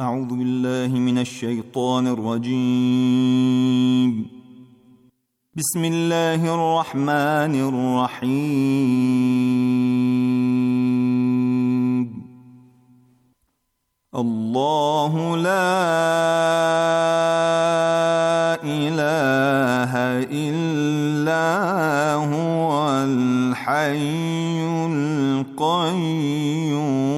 أعوذ بالله من الشيطان الرجيم بسم الله الرحمن الرحيم الله لا إله إلا هو الحي القيوم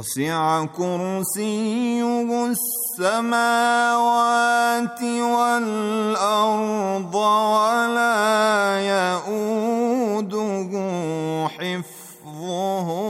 وسع كرسيه السماوات والارض ولا يئوده حفظهما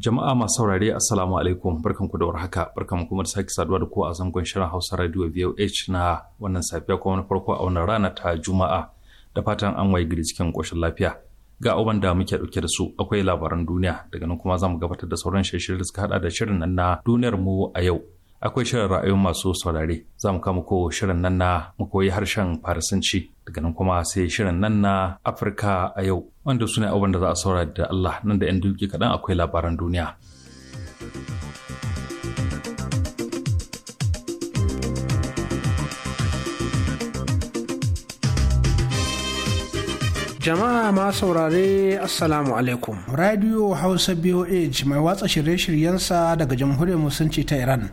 Jama'a masu saurare Assalamu alaikum barkan barkanku da warhaka barkanku kuma da sake saduwa da ku a zangon shirin Hausa Radio VOH na wannan safiya kuma na farko a wannan rana ta Juma'a da fatan an waye gari cikin koshin lafiya. Ga abubuwan da muke dauke da su akwai labaran duniya daga nan kuma za mu gabatar da sauran shirye-shirye da suka hada da shirin nan na duniyar mu a yau akwai shirin ra'ayin masu saurare za mu kama ko shirin nan na mu koyi harshen farisanci daga nan kuma sai shirin nan na afirka a yau wanda su ne abin da za a saura da allah nan da 'yan duki kaɗan akwai labaran duniya jama'a ma saurare assalamu alaikum radio hausa boh mai watsa shirye-shiryensa daga jamhuriyar musulunci ta iran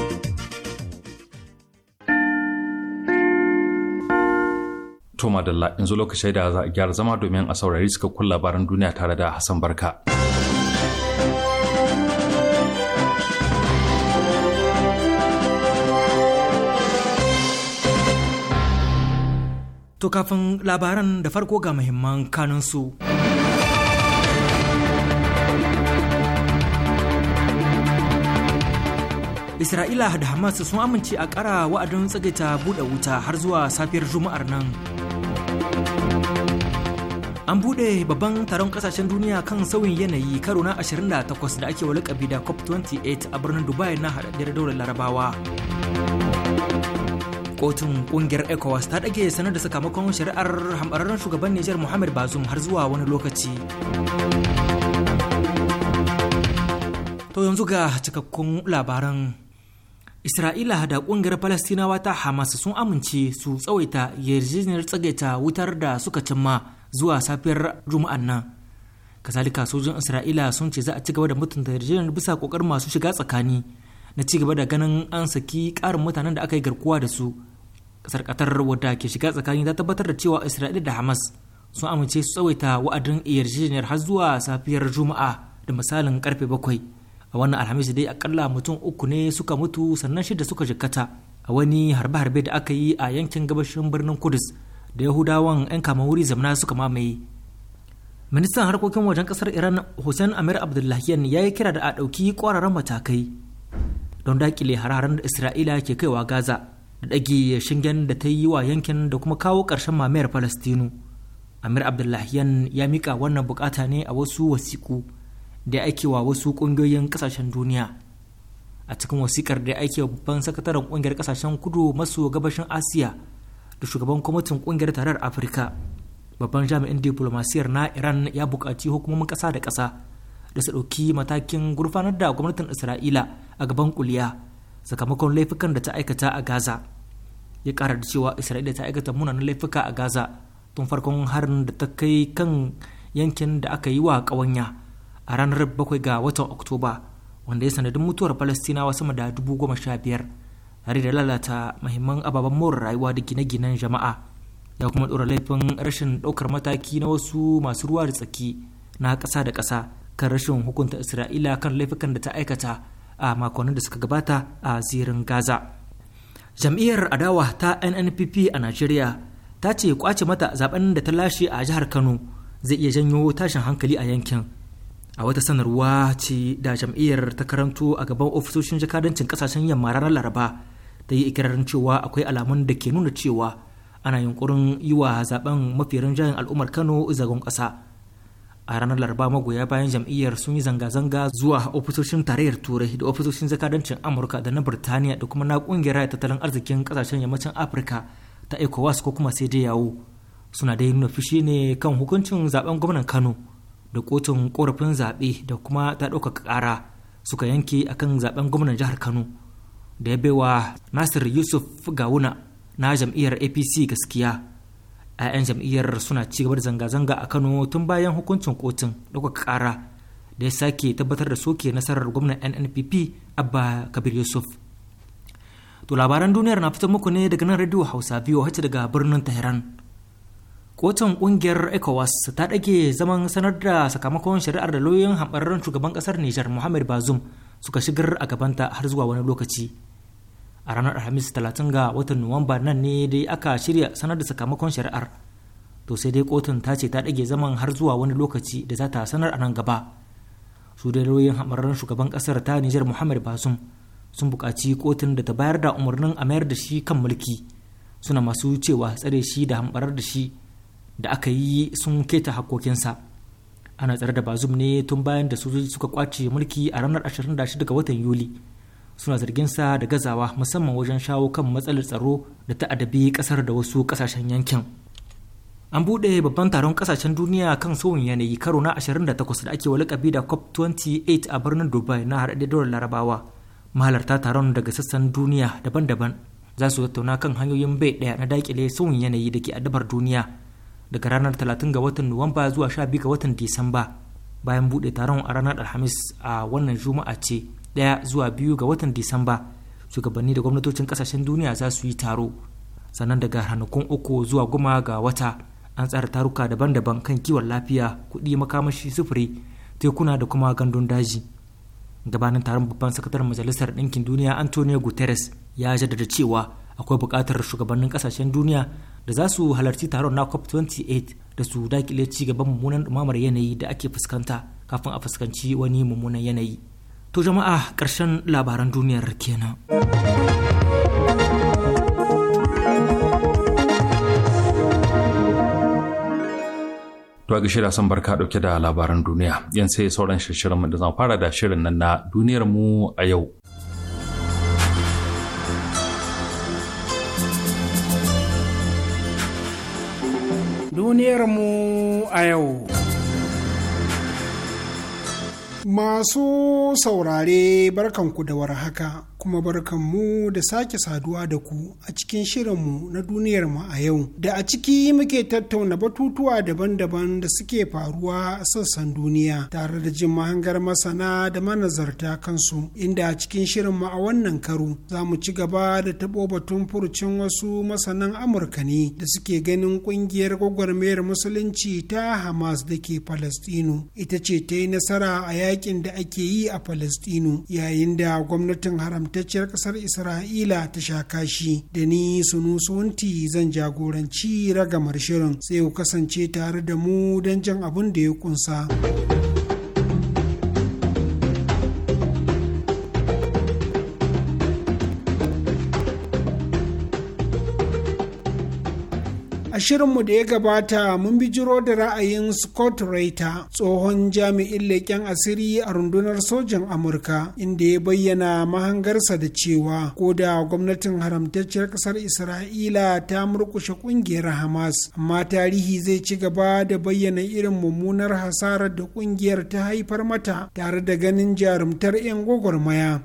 To Madalla yanzu lokacin da za a gyara zama domin a saurari suka kun labaran duniya tare da Hassan Barka. To kafin labaran da farko ga muhimman kanunsu. Isra'ila da Hamas sun amince a ƙara wa'adin tsagaita buɗe wuta har zuwa safiyar Juma'ar nan. an buɗe babban taron ƙasashen duniya kan sauyin yanayi karo na 28 da ake wa lakabi da cop 28 a birnin dubai na haɗaɗɗiyar daular larabawa kotun ƙungiyar ecowas ta ɗage sanar da sakamakon shari'ar hambararren shugaban nijar muhammad bazum har zuwa wani lokaci to yanzu ga cikakkun labaran isra'ila da ƙungiyar Falastinawa ta hamas sun amince su tsawaita yarjejeniyar tsagaita wutar da suka cimma zuwa safiyar juma'an nan kasalika sojin isra'ila sun ce za a ci gaba da mutunta yarjejeniyar bisa kokarin masu shiga tsakani na ci gaba da ganin an saki karin mutanen da aka yi garkuwa da su sarkatar wadda ke shiga tsakani ta tabbatar da cewa isra'ila da hamas sun amince su tsawaita wa'adin yarjejeniyar har zuwa safiyar juma'a da misalin karfe bakwai a wannan alhamis dai akalla mutum uku ne suka mutu sannan shida suka jikkata a wani harbe-harbe da aka yi a yankin gabashin birnin kudus da yahudawan 'yan kamahuri zamana suka mamaye ministan harkokin wajen kasar iran hussein amir abdullahiyan ya yi kira da a ɗauki ƙwararren matakai don daƙile hararen da isra'ila ke kaiwa gaza da ɗage shingen da ta yi wa yankin da kuma kawo ƙarshen mamayar falastinu amir abdullahiyan ya mika wannan bukata ne a wasu wasiƙu da ya wa wasu ƙungiyoyin ƙasashen duniya a cikin wasikar da ya aikewa babban sakataren ƙungiyar ƙasashen kudu maso gabashin asiya da shugaban kwamitin kungiyar tarar afirka babban jami'in diplomasiyar na iran ya buƙaci hukumomin ƙasa da ƙasa da su ɗauki matakin gurfanar da gwamnatin isra'ila a gaban kuliya sakamakon laifukan da ta aikata a gaza ya ƙara da cewa isra'ila ta aikata munanan laifuka a gaza tun farkon harin da ta kai kan yankin da aka yi wa ƙawanya a ranar bakwai ga watan oktoba wanda ya sanadin mutuwar falastinawa sama da dubu goma sha biyar hari da lalata mahimman ababen more rayuwa da gine-ginen jama'a ya kuma ɗora laifin rashin daukar mataki na wasu masu ruwa da tsaki na ƙasa da ƙasa kan rashin hukunta isra'ila kan laifukan da ta aikata a makonnin da suka gabata a zirin gaza jam'iyyar adawa ta nnpp a nigeria ta ce kwace mata zaben da ta lashe a jihar kano zai iya janyo tashin hankali a yankin a wata sanarwa ce da jam'iyyar ta karanto a gaban ofisoshin jakadancin kasashen yamma ranar laraba ta yi ikirarin cewa akwai alamun da ke nuna cewa ana yunkurin yi wa zaben mafi rinjayen al'ummar kano zagon kasa a ranar laraba magoya bayan jam'iyyar sun yi zanga-zanga zuwa ofisoshin tarayyar turai da ofisoshin jakadancin amurka da na birtaniya da kuma na kungiyar tattalin arzikin kasashen yammacin afirka ta ecowas ko kuma sai dai yawo suna dai nuna fushi ne kan hukuncin zaben gwamnan kano da kotun korafin zaɓe da kuma ta ɗaukaka ƙara suka yanke akan zaben gwamnan jihar kano da ya baiwa nasir yusuf gawuna na jam'iyyar apc gaskiya 'ya'yan jam'iyyar suna ci gaba da zanga-zanga a kano tun bayan hukuncin kotun ɗaukaka ƙara da ya sake tabbatar da soke nasarar gwamnan nnpp abba kabir yusuf to labaran duniyar na fitar muku ne daga nan radio hausa biyu hacci daga birnin tehran kotun kungiyar ecowas ta ɗage zaman sanar da sakamakon shari'ar da lauyoyin hambararren shugaban ƙasar nijar muhammad bazum suka shigar a gabanta har zuwa wani lokaci a ranar alhamis 30 ga watan nuwamba nan ne dai aka shirya sanar da sakamakon shari'ar to sai dai kotun ta ce ta ɗage zaman har zuwa wani lokaci da za ta sanar a nan gaba su dai lauyoyin hamararren shugaban ƙasar ta nijar muhammad bazum sun buƙaci kotun da ta bayar da umarnin a mayar da shi kan mulki suna masu cewa tsare shi da hambarar da shi da aka yi sun keta hakokinsa ana tsare da bazum ne tun bayan da sojoji suka kwace mulki a ranar 26 ga watan yuli suna zargin sa da gazawa musamman wajen shawo kan matsalar tsaro da ta adabi kasar da wasu kasashen yankin an buɗe babban taron kasashen duniya kan sauyin yanayi karo na 28 da ake walakabi da cop 28 a birnin dubai na haɗaɗɗiyar larabawa mahalarta taron daga sassan duniya daban-daban za su tattauna kan hanyoyin bai ɗaya na dakile sauyin yanayi da ke adabar duniya daga ranar 30 ga watan Nuwamba zuwa 12 ga watan Disamba bayan buɗe taron a ranar Alhamis a wannan Juma'a ce ɗaya zuwa biyu ga watan Disamba shugabanni da gwamnatocin kasashen duniya za su yi taro sannan daga ranakun uku zuwa goma ga wata an tsara taruka daban-daban kan kiwon lafiya kuɗi makamashi sufuri tekuna da kuma gandun daji gabanin taron babban sakataren majalisar ɗinkin duniya antonio guterres ya jaddada cewa akwai buƙatar shugabannin ƙasashen duniya da za su halarci taron na cop 28 da su dakile ci gaban mummunan dumamar yanayi da ake fuskanta kafin a fuskanci wani mummunan yanayi to jama'a karshen labaran duniyar kenan To ga shirya san barka dauke da labaran duniya yan sai sauran shirin da zan fara da shirin nan na duniyar mu a yau. duniyarmu a yau. Masu saurare barkanku da warhaka. kuma barkan mu da sake saduwa da ku a cikin shirinmu na duniyarmu a yau da a ciki muke tattauna batutuwa daban-daban da suke faruwa a sassan duniya tare da jin mahangar masana da manazarta kansu inda a cikin shirin mu a wannan karo za mu ci gaba da taɓo batun furucin wasu masanan amurka ne da suke ganin ƙungiyar gwagwarmayar musulunci ta hamas da ke palestino ita ce ta yi nasara a yakin da ake yi a palestino yayin da gwamnatin haramta haramtacciyar ƙasar isra'ila ta sha kashi da ni sunu sunti zan jagoranci ragamar shirin sai ku kasance tare da mu don jan abin da ya kunsa. shirinmu da ya gabata mun bi jiro da ra'ayin Scott Reiter tsohon jami'in leƙen asiri a rundunar sojan Amurka inda ya bayyana mahangarsa da cewa ko da gwamnatin haramtacciyar ƙasar Isra'ila ta murƙushe ƙungiyar Hamas amma tarihi zai ci gaba da bayyana irin mummunar hasarar da ƙungiyar ta haifar mata tare da ganin jarumtar 'yan gwagwarmaya.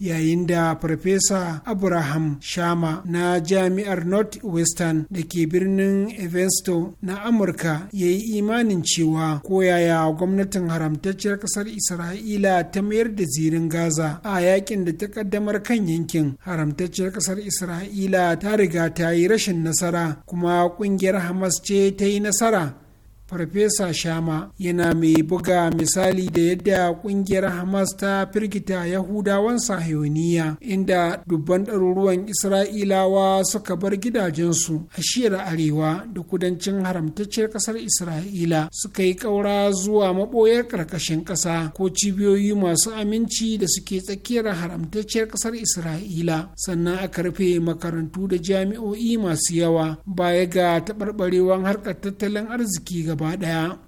yayin da farfesa abraham shama na jami'ar north northwestern da ke birnin evanston na amurka ya yi imanin cewa koyaya gwamnatin haramtacciyar kasar isra'ila ta mayar da zirin gaza a yakin da ta kaddamar kan yankin haramtacciyar kasar isra'ila ta riga ta yi rashin nasara kuma kungiyar hamas ce ta yi nasara farfesa shama yana mai buga misali da yadda kungiyar hamas ta firgita yahudawan sahiyoniya inda dubban ɗaruruwan isra'ilawa suka bar gidajensu a shiyar arewa da kudancin haramtacciyar ƙasar isra'ila suka yi ƙaura zuwa maɓoyar ƙarƙashin ƙasa ko cibiyoyi masu aminci da suke tsakiyar haramtacciyar ƙasar isra'ila sannan aka rufe makarantu da jami'o'i masu yawa baya ga taɓarɓarewar harkar tattalin arziki ga gaba ɗaya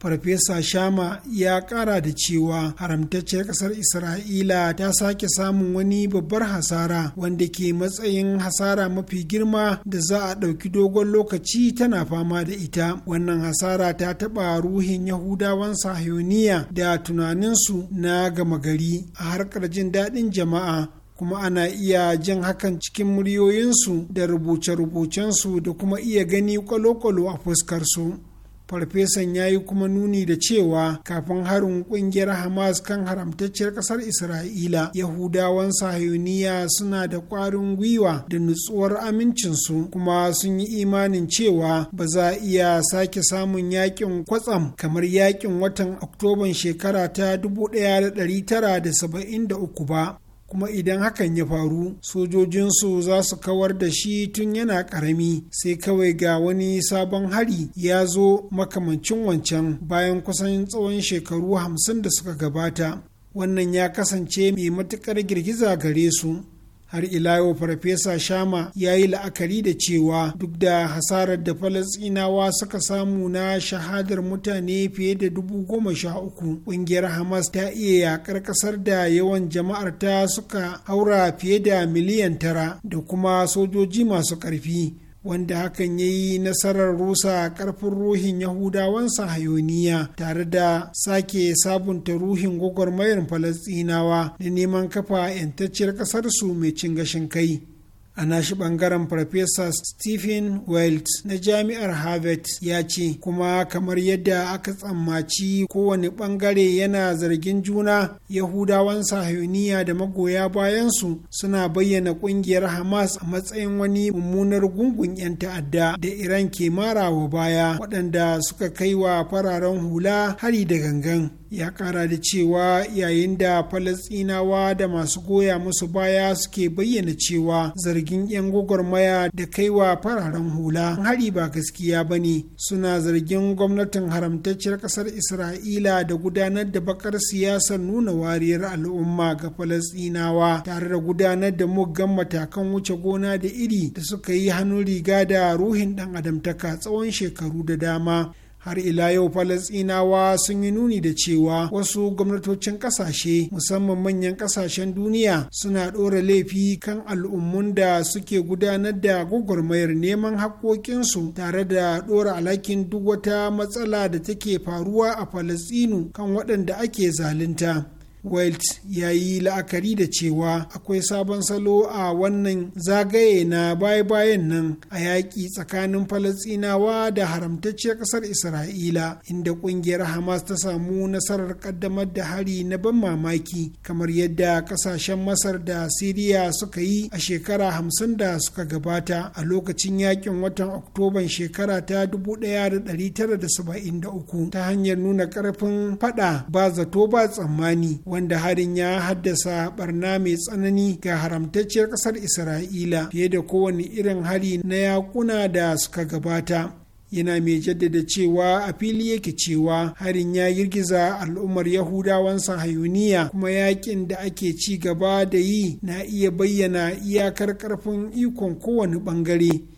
farfesa shama ya kara da cewa haramtacciyar kasar isra'ila ta sake samun wani babbar hasara wanda ke matsayin hasara mafi girma da za a ɗauki dogon lokaci tana fama da ita wannan hasara ta taɓa ruhin yahudawan sahuniya da tunaninsu na gama gari a harkar jin daɗin jama'a kuma ana iya jin hakan cikin muryoyinsu da rubuce-rubucensu da kuma iya gani kwalo-kwalo a fuskarsu. farfesan ya yi kuma nuni da cewa kafin harin kungiyar hamas kan haramtacciyar kasar isra'ila yahudawan sahuniya suna da kwarin gwiwa da nutsuwar amincinsu kuma sun yi imanin cewa ba za a iya sake samun yakin kwatsam kamar yakin watan oktoban shekara ta 1973 ba kuma idan hakan ya faru sojojinsu za su kawar da shi tun yana karami sai kawai ga wani sabon hari ya zo makamancin wancan bayan kusan tsawon shekaru hamsin da suka gabata wannan ya kasance mai matuƙar girgiza gare su har ila yau farfesa shama ya yi la'akari da cewa duk da hasarar da falasinawa suka samu na shahadar mutane fiye da dubu goma sha uku ƙungiyar hamas ta iya yakar ƙasar da yawan jama'ar ta suka haura fiye da miliyan tara da kuma sojoji masu ƙarfi wanda hakan ya yi nasarar rusa karfin ruhin yahudawan sahayoniya tare da sake sabunta ruhin gwagwarmayar falasɗinawa na neman kafa 'yantacciyar ƙasarsu mai cin gashin kai a nashi bangaren farfesa stephen wild na jami'ar harvard ya ce kuma kamar yadda aka tsammaci kowane bangare yana zargin juna yahudawan sahiyoniya da magoya bayansu suna bayyana kungiyar hamas a matsayin wani mummunar gungun 'yan ta'adda da iran ke marawa baya waɗanda suka kai wa fararen hula hari da gangan ya kara da cewa yayin da falasinawa da masu goya musu baya suke bayyana cewa zargin zargin 'yan gwagwarmaya da kaiwa fararen hula hari ba gaskiya ba ne suna zargin gwamnatin haramtacciyar ƙasar isra'ila da gudanar da bakar siyasar nuna wariyar al'umma ga falasɗinawa tare da gudanar da muggan matakan wuce gona da iri da suka yi hannun riga da ruhin ɗan adamtaka tsawon shekaru da dama har ila yau falasinawa sun yi nuni da cewa wasu gwamnatocin kasashe musamman manyan kasashen duniya suna ɗora laifi kan al'ummun da suke gudanar da gwagwarmayar neman haƙoƙinsu tare da ɗora alhakin duk wata matsala da take faruwa a falasinu kan waɗanda ake zalunta Welt ya yi la'akari da cewa akwai sabon salo a wannan zagaye na baya-bayan nan a yaƙi tsakanin Falasɗinawa da haramtacciyar ƙasar Isra'ila inda ƙungiyar Hamas ta samu nasarar ƙaddamar da hari na ban mamaki kamar yadda ƙasashen Masar da Siriya suka yi a shekara hamsin da suka gabata a lokacin yaƙin watan Oktoban shekara ta 1973 ta hanyar nuna ƙarfin faɗa ba zato ba tsammani. wanda harin ya haddasa barna mai tsanani ga haramtacciyar ƙasar isra'ila fiye da kowane irin hari na yakuna da suka gabata yana mai jaddada cewa a fili yake cewa harin ya girgiza al'ummar yahudawan sahayuniya kuma yakin da ake ci gaba da yi na iya bayyana iyakar karfin ikon kowane bangare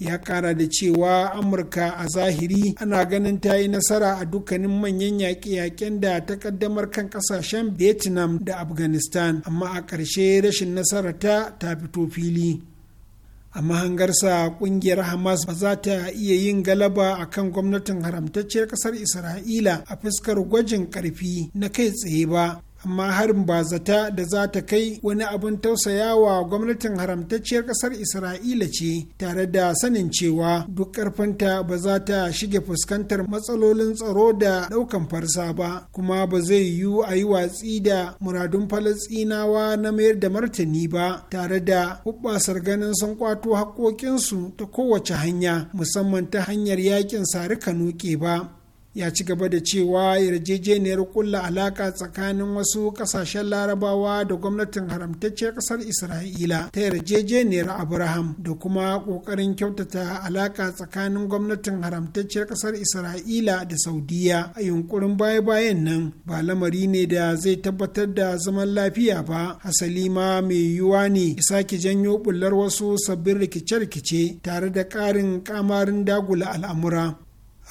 ya kara da cewa amurka a zahiri ana ganin ta yi nasara a dukkanin manyan yaƙe-yaƙen da ta kaddamar kan ƙasashen vietnam da afghanistan amma a ƙarshe rashin nasararta ta fito fili a mahangarsa kungiyar hamas ba za ta iya yin galaba a kan gwamnatin haramtacciyar ƙasar isra'ila a fuskar gwajin ƙarfi na kai tsaye ba amma harin zata da za ta kai wani abin tausayawa gwamnatin haramtacciyar ƙasar isra'ila ce tare da sanin cewa duk ƙarfinta ba za ta shige fuskantar matsalolin tsaro da ɗaukan farsa ba kuma ba zai yiwu a yi watsi da muradun falasɗinawa na mayar da martani ba tare da hubbasar ganin sun kwato haƙoƙinsu ta kowace hanya musamman ta hanyar yakin sari nuke ba ya ci gaba da cewa yarjejeniyar kulla alaka tsakanin wasu kasashen larabawa da gwamnatin haramtacciyar kasar isra'ila ta yarjejeniyar abraham da kuma kokarin kyautata alaka tsakanin gwamnatin haramtacciyar kasar isra'ila da saudiya a yunkurin baya-bayan nan ba lamari ne da zai tabbatar da zaman lafiya ba hasali ma mai yiwuwa ne ya sake janyo bullar wasu sabbin rikice-rikice tare da ƙarin kamarin dagula al'amura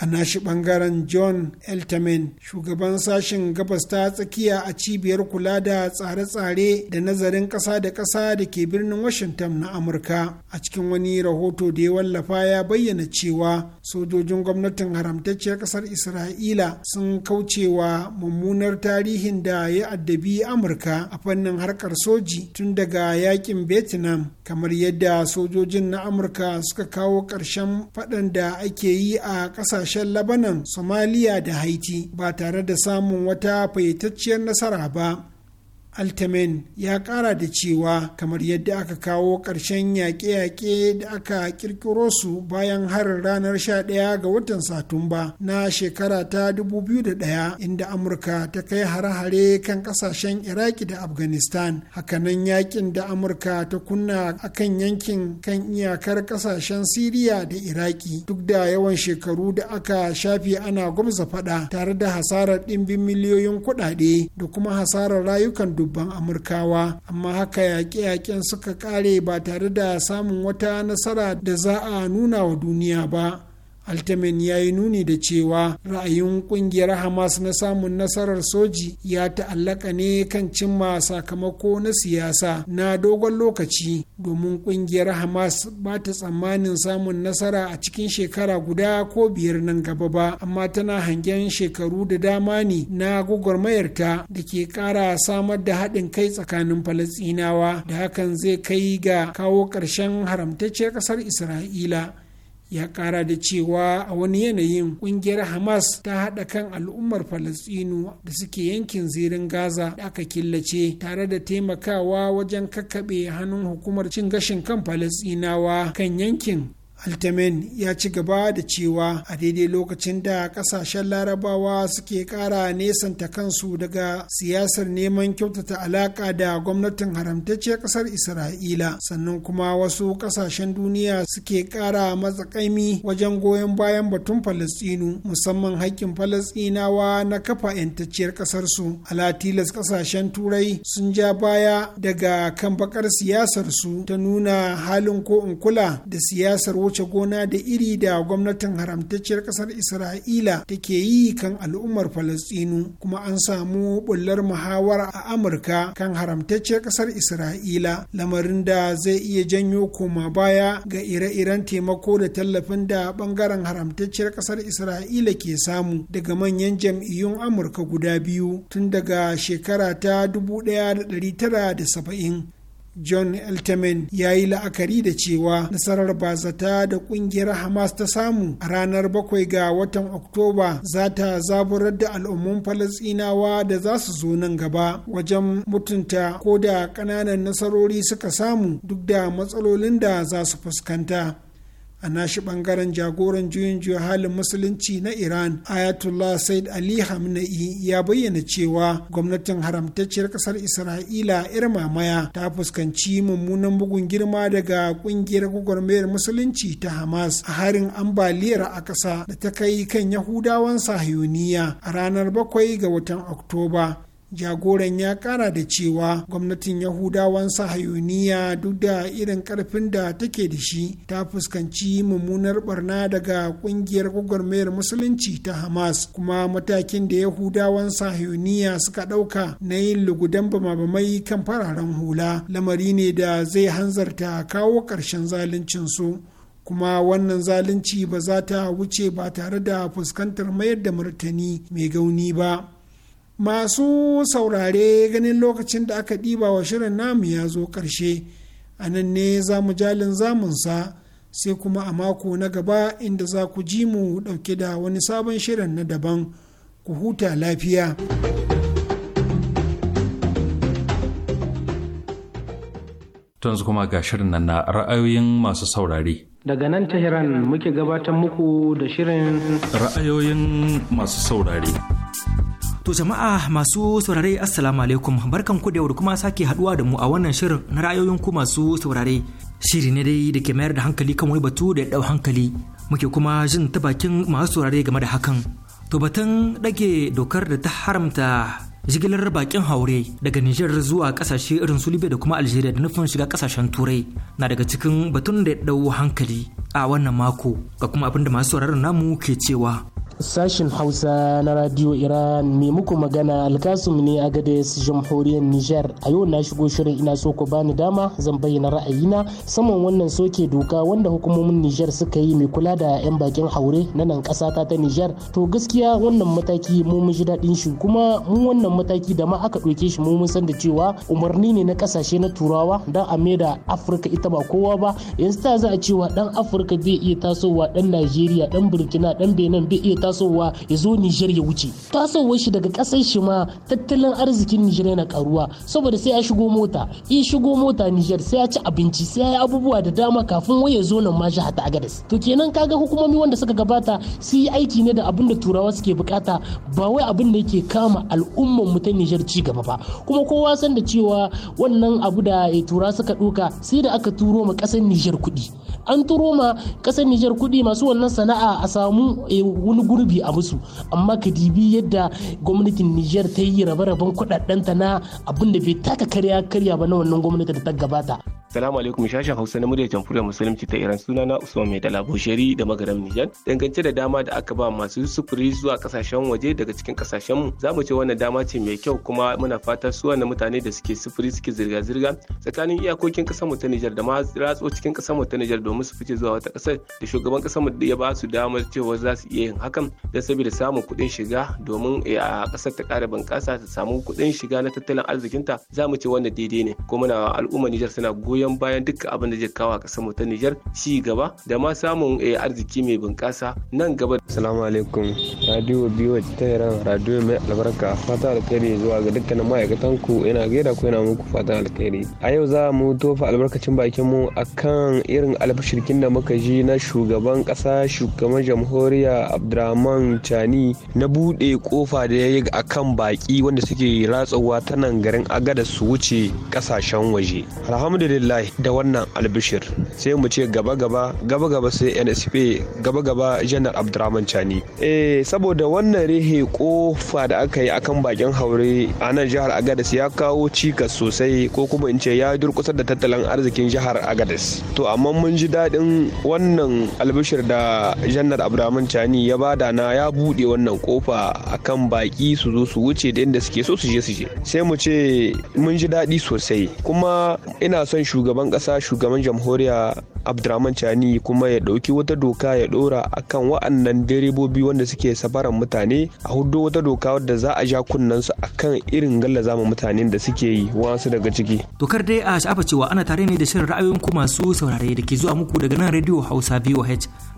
a nashi bangaren john eltamen shugaban sashen gabas ta tsakiya a cibiyar kula da tsare-tsare da nazarin ƙasa da ƙasa da ke birnin washington na amurka a cikin wani rahoto da ya wallafa ya bayyana cewa sojojin gwamnatin haramtacciyar ƙasar isra'ila sun kaucewa mummunar tarihin da ya addabi amurka a fannin harkar soji tun daga yakin vietnam kamar yadda sojojin na amurka suka kawo ƙarshen faɗan da ake yi a ƙasashen ƙasashen labanan somalia da haiti ba tare da samun wata fayyatacciyar nasara ba Altamen ya kara da cewa kamar yadda aka kawo ƙarshen yaƙe-yaƙe da aka ƙirƙiro su bayan harin ranar 11 ga watan Satumba na shekara ta 2001 inda Amurka ta kai hare-hare kan ƙasashen Iraki da Afghanistan. Hakanan yakin da Amurka ta kunna akan yankin kan iyakar ƙasashen Siriya da Iraki duk da yawan shekaru da aka shafi ana gwamza faɗa tare da hasarar ɗimbin miliyoyin kuɗaɗe da kuma hasarar rayukan dubu dubban amurkawa amma haka yaƙe-yaƙen suka ƙare ba tare da samun wata nasara da za a nuna wa duniya ba altamen ya yi nuni da cewa ra'ayin kungiyar hamas na samun nasarar soji ya ta'allaka ne kan cimma sakamako na siyasa na dogon lokaci domin kungiyar hamas ba ta tsammanin samun nasara a cikin shekara guda ko biyar nan gaba ba amma tana hangen shekaru da dama ne na gwagwarmayarta da ke kara samar da haɗin kai tsakanin falasinawa da hakan zai kai ga kawo ƙarshen haramtacciyar ƙasar isra'ila ya kara da cewa a wani yanayin kungiyar hamas ta haɗa kan al'ummar falastinu da suke yankin zirin gaza da aka killace tare da taimakawa wajen kakkaɓe hannun hukumar cin gashin kan falastinawa kan yankin Altamen ya ci gaba da cewa a daidai lokacin da kasashen larabawa suke kara nesanta kansu daga siyasar neman kyautata alaka da gwamnatin haramtacciyar kasar Isra'ila sannan kuma wasu kasashen duniya suke kara matsakaimi wajen goyon bayan batun Falastinu musamman haƙƙin Falastinawa na kafa 'yantacciyar kasarsu. alatilas kasashen Turai sun ja baya daga kan bakar siyasarsu ta nuna halin ko in kula da siyasar wuce gona da iri da gwamnatin haramtacciyar kasar isra'ila take yi kan al'ummar falastinu kuma an samu bullar muhawara a amurka kan haramtacciyar kasar isra'ila lamarin da zai iya janyo koma baya ga ire-iren taimako da tallafin da bangaren haramtacciyar kasar isra'ila ke samu daga manyan jam'iyyun amurka guda biyu tun daga shekara ta 1970 john elteman ya yi la'akari da cewa nasarar bazata da kungiyar hamas ta samu a ranar bakwai ga watan oktoba za ta zaburar da al'ummun falasinawa da za su zo nan gaba wajen mutunta ko da ƙananan nasarori suka samu duk da matsalolin da za su fuskanta a nashi bangaren jagoran juyin juya halin musulunci na iran ayatollah said ali hamna'i ya bayyana cewa gwamnatin haramtacciyar kasar isra'ila yar mamaya ta fuskanci mummunan bugun girma daga kungiyar gwagwarmayar musulunci ta hamas a harin ambaliyar a ƙasa da ta kai kan yahudawan sahiyoniya a ranar bakwai ga watan oktoba jagoran ya kara da cewa gwamnatin yahudawan sahayuniya duk da irin karfin da take da shi ta fuskanci mummunar barna daga kungiyar gwagwarmayar musulunci ta hamas kuma matakin da yahudawan sahayuniya suka dauka na yin lugudan bama kan fararen hula lamari ne da zai hanzarta kawo ƙarshen zaluncinsu kuma wannan zalunci ba za ta wuce ba tare da fuskantar mayar da martani mai gauni ba masu saurare ganin lokacin da aka ɗiba wa shirin namu ya zo ƙarshe a nan ne za mu jalin zamunsa sai kuma a mako na gaba inda za ku ji mu ɗauke da wani sabon shirin na daban ku huta lafiya. yanzu kuma ga shirin nan na ra'ayoyin masu saurare. Daga nan Tehran muke gabatar muku da shirin ra'ayoyin masu saurare. To jama'a masu saurare assalamu alaikum barkan ku da kuma sake haduwa da mu a wannan shirin na rayoyin ku masu saurare. Shiri ne dai da ke mayar da hankali kan wani batu da ya dau hankali muke kuma jin ta bakin masu saurare game da hakan. To batun dage dokar da ta haramta jigilar bakin haure daga Nijar zuwa kasashe irin su da kuma Algeria da nufin shiga kasashen Turai na daga cikin batun da ya dau hankali a wannan mako ga kuma abin da masu sauraron namu ke cewa. sashen hausa na radio iran mai muku magana alkasum ne a gadis jamhuriyar niger a yau na shigo shirin ina so ku bani dama zan bayyana ra'ayina saman wannan soke doka wanda hukumomin niger suka yi mai kula da 'yan bakin haure na nan kasa ta ta niger to gaskiya wannan mataki mu mun ji daɗin shi kuma mu wannan mataki da ma aka ɗauke shi mu mun san da cewa umarni ne na kasashe na turawa dan a da afirka ita ba kowa ba yanzu ta za a cewa dan afirka bai iya tasowa dan najeriya dan burkina dan benin bai iya tasowa ya zo Nijar ya wuce tasowar shi daga ƙasar shi ma tattalin arzikin Nijar yana karuwa saboda sai ya shigo mota in shigo mota Nijar sai ya ci abinci sai ya yi abubuwa da dama kafin wai ya zo nan ma jiha ta Agadez to kenan kaga hukumomi wanda suka gabata su yi aiki ne da abin da turawa suke bukata ba wai abin da yake kama al'ummar mu ta Nijar ci gaba ba kuma kowa san da cewa wannan abu da eh, turawa suka doka sai da aka turo ma ƙasar Nijar kuɗi an turo ma kasar Nijar kuɗi masu wannan sana'a a samu eh, wani gurbi a musu amma ka dibi yadda gwamnatin Nijar ta yi rabe-raben kuɗaɗen ta na abin da bai taka karya karya ba na wannan gwamnati da ta gabata Salamu alaikum shashin Hausa na murya jamhuriyar musulunci ta Iran suna na Usman Mai da Bushari da magaram Nijar. Dangance da dama da aka ba masu sufuri zuwa kasashen waje daga cikin kasashen mu za mu ce wannan dama ce mai kyau kuma muna fata su wannan mutane da suke sufuri suke zirga-zirga tsakanin iyakokin kasar mu ta Nijar da ma ratso cikin kasar mu ta Nijar domin su fice zuwa wata kasar da shugaban kasar mu ya ba su damar cewa za su iya yin hakan don saboda samun kuɗin shiga domin eh, a kasar ta ƙara bunƙasa ta samu kuɗin shiga na tattalin arzikinta za mu ce wannan daidai ne kuma na al'umma Nijar suna goyi goyon bayan duka abin da zai kawo a ƙasar mu ta Nijar ci gaba da ma samun eh, arziki mai bunƙasa nan gaba. Assalamu alaikum. Radio biyu ta Iran radio mai albarka fata alkhairi zuwa ga dukkanin ma'aikatan ku ina gaida ku ina muku fata alkhairi. A yau za mu tofa albarkacin bakin mu akan irin albashirkin da muka ji na shugaban ƙasa shugaban jamhuriya Abdurrahman Chani na buɗe kofa da ya yi a kan baki wanda suke ratsawa ta nan garin Agada su wuce kasashen waje. Alhamdulillah alhamdulillah da wannan albishir sai mu ce gaba gaba gaba gaba sai nsp gaba gaba janar abdurrahman chani eh saboda wannan rehe kofa da aka yi akan bakin haure a nan jihar agadas ya kawo cikas sosai ko kuma in ce ya durkusar da tattalin arzikin jihar agadas to amma mun ji daɗin wannan albishir da janar abdurrahman chani ya bada na ya buɗe wannan kofa akan baki su zo su wuce da inda suke so su je su je sai mu ce mun ji daɗi sosai kuma ina son shu shugaban kasa shugaban jamhuriya abdurrahman chani kuma ya dauki wata doka ya ɗora akan wa'annan direbobi wanda suke safaran mutane a hudu wata doka wadda za a ja kunnen su akan irin gallaza ma mutanen da suke yi wasu daga ciki dokar dai a shafa cewa ana tare ne da shirin ra'ayoyin ku masu saurare da ke zuwa muku daga nan radio hausa voh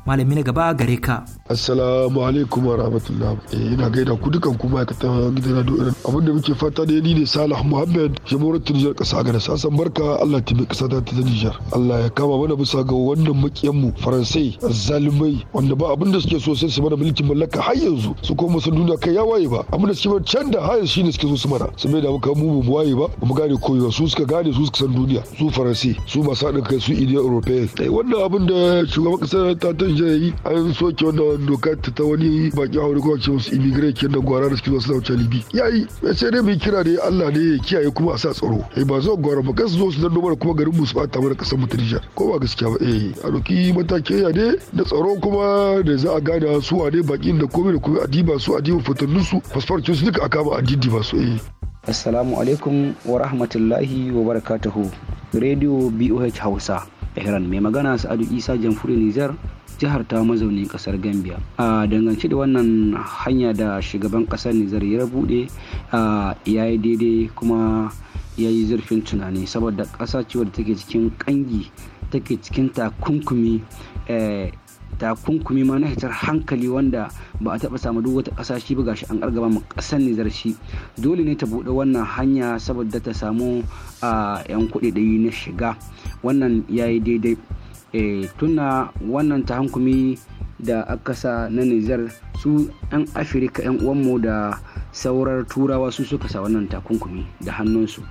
malami na gaba gare ka. Assalamu alaikum wa rahmatullah. Eh, ina gaida ku dukan ku ma'aikatan gidan radio Iran. Abin da muke fata da ni ne Salah Muhammad, jamhuriyar Tunisia ƙasa ga da sasan barka Allah ta ƙasa ta ta Nijar. Allah ya kama mana bisa ga wannan mu Faransai zalumai wanda ba abin da suke so sai su mana mulkin mallaka har yanzu su kuma sun nuna kai ya waye ba abin da suke can da har yanzu shine suke so su mana su bai da muka mu mu waye ba mu gane koyo su suka gane su suka san duniya su Faransai su masu haɗin kai su Indiya European. Eh, wannan abin da shugaban ƙasar ta ta Nijar yi an soke wannan doka ta wani baki aure kuma ce musu immigrate kenan da gwara da suke su suna wuce Libi. Yayi sai dai mu kira da Allah ne ya kiyaye kuma a sa tsaro. Eh, ba zo gwara ba kasu zo su dan kuma garin mu bata kasar mu ko ba gaskiya ba eh a doki matake ya ne da tsaro kuma da za a gane su ne bakin da komai da komai a diba su a diba fotannin su fasfarcin su duka a kama a ba su eh Assalamu alaikum wa rahmatullahi wa barakatuhu. Radio BOH Hausa. ehran mai magana Sa'adu Isa Jamfuri Nijar jihar ta mazaunin kasar gambia a dangance da wannan hanya da shugaban kasar nizar ya buɗe ya yi daidai kuma ya yi zurfin tunani saboda ƙasa cewa da take cikin ƙangi take cikin takunkumi eh, takunkumi ma na hankali wanda ba a taba samu duk wata ƙasa shi ba shi an ƙargaba mu ƙasar nizar shi dole ne ta buɗe wannan hanya saboda ta samu a 'yan kuɗi na shiga wannan yayi daidai e, tuna wannan hankumi da aka sa na Nijar su 'yan Afirka 'yan uwanmu da saurar turawa su suka sa wannan takunkumi da hannunsu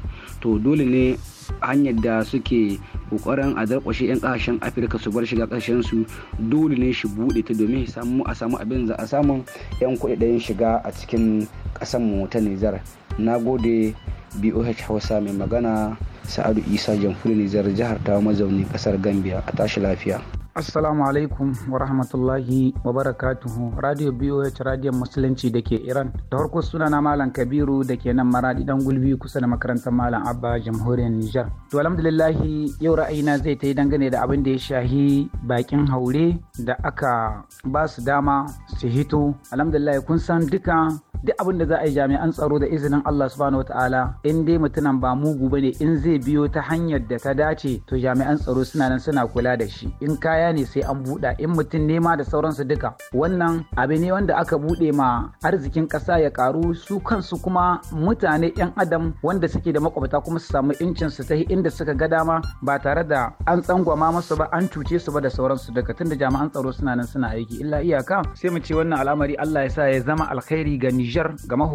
to dole ne hanyar da suke kokarin a zarkwashe 'yan kasashen afirka su bar shiga su dole ne shi buɗe ta domin a samu abin za a samun 'yan kuɗaɗen shiga a cikin ƙasar mu ta nijar na gode boh hausa mai magana sa'adu isa jamhuri nijar jihar ta mazaunin kasar gambia a tashi lafiya Assalamu alaikum wa rahmatullahi wa barakatuhu. Radio BOH Radio Musulunci da ke Iran. Da farko sunana Malam Kabiru da ke nan maradi dan gulbi kusa da makarantar Malam Abba Jamhuriyar Nijar. To alhamdulillahi yau ra'ayina zai ta yi dangane da abin da ya shahi bakin haure da aka ba su dama su hito. Alhamdulillahi kun san duka duk abin da za a yi jami'an tsaro da izinin Allah subhanahu wataala in dai mutumin ba mugu bane in zai biyo ta hanyar da ta dace to jami'an tsaro suna nan suna kula da shi in kaya gaskiya ne sai an buɗa in mutum nema da sauransu duka wannan abu ne wanda aka buɗe ma arzikin ƙasa ya ƙaru su kansu kuma mutane 'yan adam wanda suke da makwabta kuma su samu incin su ta inda suka ga dama ba tare da an tsangwama masu ba an cuce su ba da sauransu duka tunda jami'an tsaro suna nan suna aiki illa iyaka sai mu ce wannan al'amari Allah ya sa ya zama alkhairi ga Nijar ga mu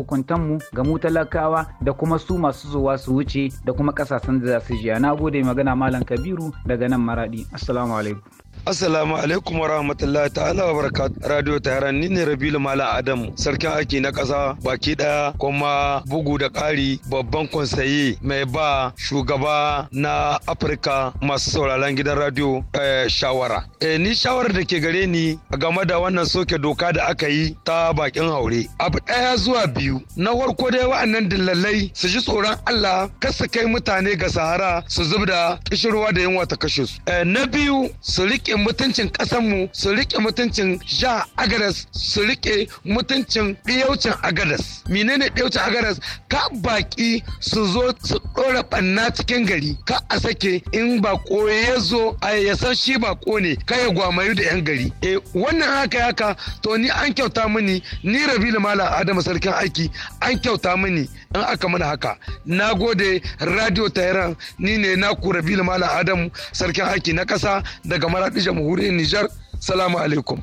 ga mu talakawa da kuma su masu zuwa su wuce da kuma kasashen da za su jiya na gode magana malam Kabiru daga nan Maradi assalamu alaikum Assalamu alaikum warahmatullahi ta'ala wa barakatuh. Radio Tehran ni ne Rabilu Malam Adam, sarkin aiki na ƙasa baki ɗaya kuma bugu da ƙari babban konsaye mai ba shugaba na Afirka masu sauraron gidan radio eh, shawara. E, ni shawarar da ke gare ni game da wannan soke doka da aka yi ta bakin haure. Abu ɗaya zuwa biyu. Na farko dai wa'annan dillalai su ji tsoron Allah kar kai mutane ga sahara su zubda da kishirwa da yunwa ta kashe su. Eh, na biyu su riƙe riƙe mutuncin ƙasanmu su riƙe mutuncin ja agadas su riƙe mutuncin ɗiyaucin agadas menene ɗiyaucin agadas ka baƙi su zo su ɗora ɓanna cikin gari ka a sake in baƙo ya zo a ya san shi baƙo ne ka ya gwamayu da 'yan gari e wannan haka yaka to ni an kyauta mini ni rabi da malam adama sarkin aiki an kyauta mini in aka mana haka na gode radio tehran ni ne na kura malam adamu sarkin haki na kasa daga maraɗi jamhuriyar nijar salamu alaikum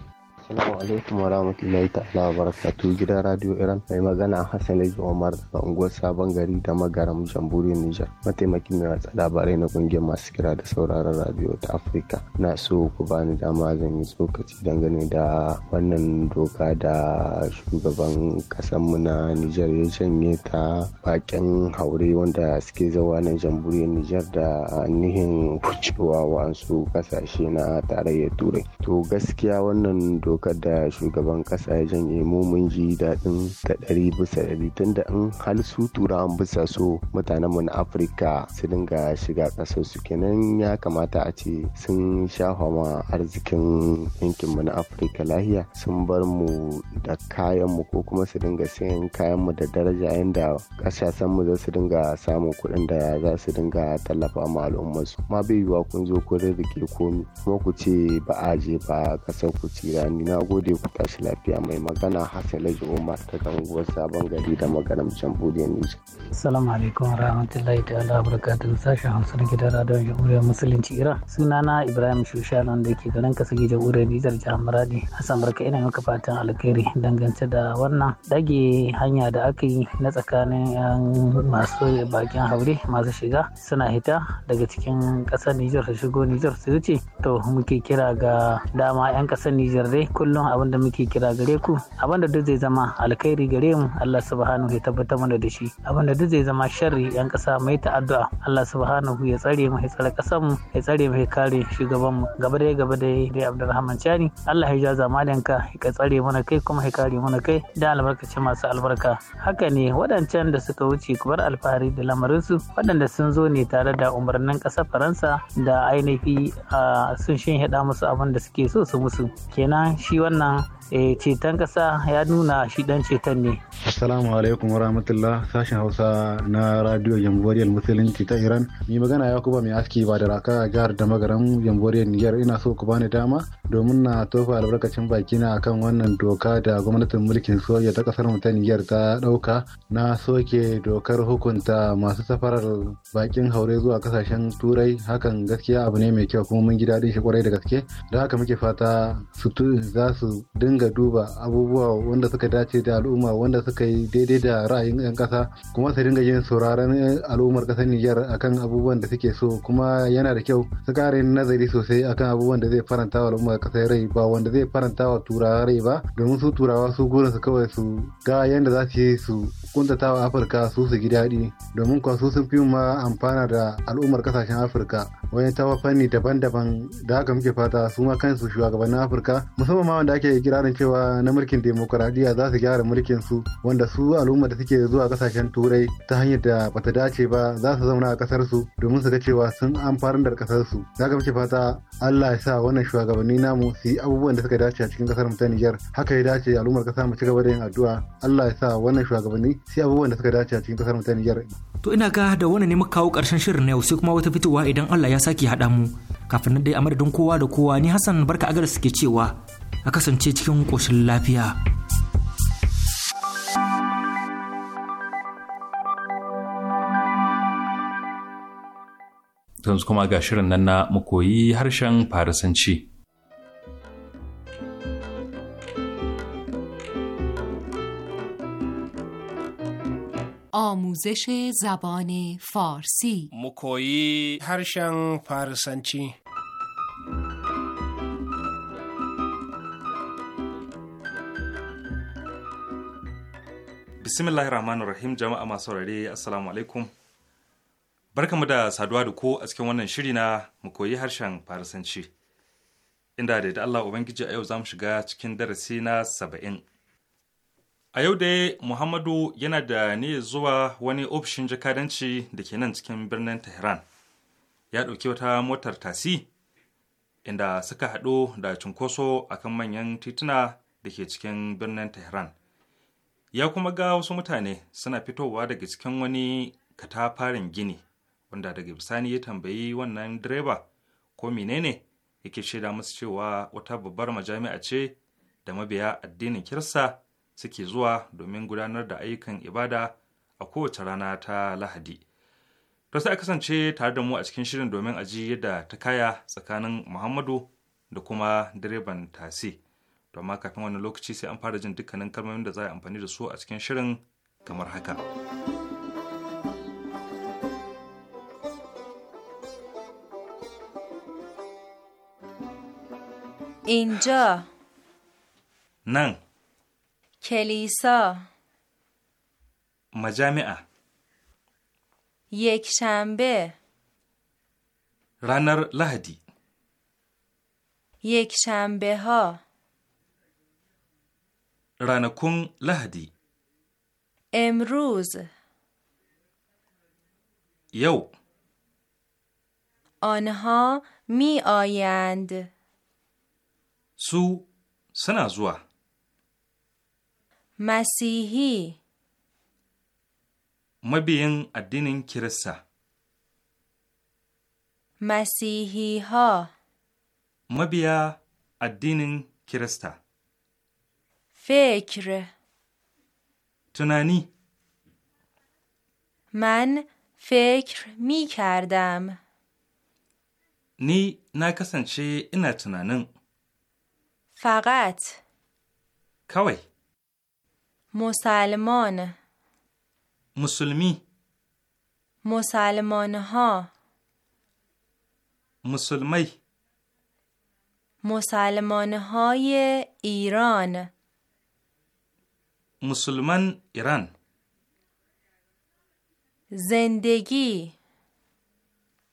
Assalamu alaikum wa rahmatullahi ta'ala wa barakatu gidan Radio Iran mai magana Hassan Laji Omar daga unguwar Sabon Gari da Magaram Jamhuriyar Nijar mataimakin mai watsa labarai na kungiyar masu kira da sauraron radio ta Afirka na so ku bani dama zan yi tsokaci dangane da wannan doka da shugaban kasan mu na Nijar ya janye ta bakin haure wanda suke zawa na Jamhuriyar Nijar da nihin wucewa wasu kasashe na tarayyar Turai to gaskiya wannan doka dokar da shugaban kasa ya janye mu mun ji daɗin ta ɗari bisa ɗari tun da in hal su turawan bisa so mutanenmu na afirka su dinga shiga ƙasar su kenan ya kamata a ce sun shafa ma arzikin yankinmu na afirka lahiya sun bar mu da kayanmu ko kuma su dinga sayan kayanmu da daraja yadda mu za su dinga samun kuɗin da za su dinga tallafa ma al'ummarsu ma bai yiwuwa kun zo kun rike komi kuma ku ce ba a je ba ƙasar ku tirani na gode ku tashi lafiya mai magana laji Umar ta kanguwar sabon gari da magaram Cambudiya Nijar. salamu alaikum rahmatullahi ala sashen Hausa na gidan radon jamhuriyar musulunci Iran. Sunana Ibrahim Shushanan da ke garin kasa jamhuriyar Nijar jihar Maradi. Hassan barka ina maka fatan alkhairi dangance da wannan dage hanya da aka yi na tsakanin yan masu bakin haure masu shiga suna hita daga cikin kasar Nijar su shigo Nijar su wuce to muke kira ga dama yan kasar Nijar dai kullum abin da muke kira gare ku abin da duk zai zama alkhairi gare mu Allah subhanahu ya tabbata mana da shi abin da duk zai zama sharri yan kasa mai ta'addu'a Allah subhanahu ya tsare mu ya tsare kasar mu ya tsare mu ya kare shugaban mu gaba da gaba da dai Abdulrahman Chani Allah ya jaza ka, ya tsare mana kai kuma ya kare mana kai da albarkacin masu albarka haka ne waɗancan da suka wuce kubar alfahari da lamarinsu waɗanda sun zo ne tare da umarnin ƙasar faransa da ainihi sun shin musu abin da suke so su musu kenan 希望呢。Eh, ceton kasa ya nuna shi dan ceton ne. Assalamu alaikum wa rahmatullah sashen Hausa na Radio Jamhuriyar Musulunci ta Iran. Ni magana ya kuma mai aski ba da raka a jihar da magaran Jamhuriyar Niger ina so ku bani dama domin na tofa albarkacin baki na akan wannan doka da gwamnatin mulkin soja ta kasar mu ta Niger ta dauka na soke dokar hukunta masu safarar bakin haure zuwa kasashen turai hakan gaskiya abu ne mai kyau kuma mun ji daɗin shi kwarai da gaske da haka muke fata su za su dinga dinga duba abubuwa wanda suka dace da al'umma wanda suka yi daidai da ra'ayin 'yan ƙasa kuma su dinga yin sauraron al'ummar ƙasar Nijar akan abubuwan da suke so kuma yana da kyau su ƙara yin nazari sosai akan abubuwan da zai faranta wa al'ummar ƙasar rai ba wanda zai faranta wa turawa rai ba domin su turawa su su kawai su ga yadda za su yi su wa afirka su su gida daɗi domin kuwa su sun fi ma amfana da al'ummar kasashen afirka wani ta fanni daban-daban da haka muke fata su ma kansu shugabannin afirka musamman ma wanda ake kira ikirarin cewa na mulkin demokuraɗiyya za su gyara mulkin su wanda su al'umma da suke zuwa kasashen turai ta hanyar da bata dace ba za su zauna a kasar su domin su ga cewa sun amfani da kasar su za ka muke fata Allah ya sa wannan shugabanni namu su yi abubuwan da suka dace a cikin kasar mu ta Niger haka ya dace al'ummar kasa mu ci gaba da yin addu'a Allah ya sa wannan shugabanni su yi abubuwan da suka dace a cikin kasar mu ta Niger to ina ga da wannan ne muka kawo karshen shirin na yau sai kuma wata fitowa idan Allah ya saki haɗa mu kafin nan dai a madadin kowa da kowa ni Hassan barka agar suke cewa a kasance cikin ƙoshin lafiya. yanzu kuma ga shirin nan na koyi harshen farisanci. آموزش زبان فارسی مکویی harshen فارسنچی bismillahir rahmanir rahim jama'a masu saurare assalamu alaikum barkamu da saduwa da ko a cikin wannan shiri na mu koyi harshen farisanci inda da Allah ubangiji a yau za mu shiga cikin darasi na saba'in a yau dai muhammadu yana da niyyar zuwa wani ofishin jakadanci da ke nan cikin birnin tehran ya ɗauki wata motar tasi inda suka haɗu da cunkoso akan manyan tituna da ke cikin birnin tehran ya kuma ga wasu mutane suna fitowa daga cikin wani katafaren gini wanda daga bisani ya tambayi wannan direba ko menene yake shaida masu cewa wata babbar majami'a ce da mabiya addinin kirsa suke zuwa domin gudanar da ayyukan ibada a kowace rana ta lahadi to sai a kasance tare da mu a cikin shirin domin aji yadda ta kaya tsakanin muhammadu da kuma direban tasi. dama kafin wani lokaci sai an fara jin dukkanin kalmomin da za a amfani da su a cikin shirin kamar haka. اینجا nan. kelisa majami'a. یک شنبه رانر لهدی یک ranakun Lahadi. Emruz. Yau. Onha mi oyand. Su suna zuwa. Masihi. Mabiyin addinin Kirista. Masihi ha. Mabiya addinin Kirista. فکر تنانی من فکر می کردم نی نکسن چه اینا تنانم. فقط کوی مسلمان مسلمی مسلمان ها مسلمی مسلمان های ایران مسلمان ایران زندگی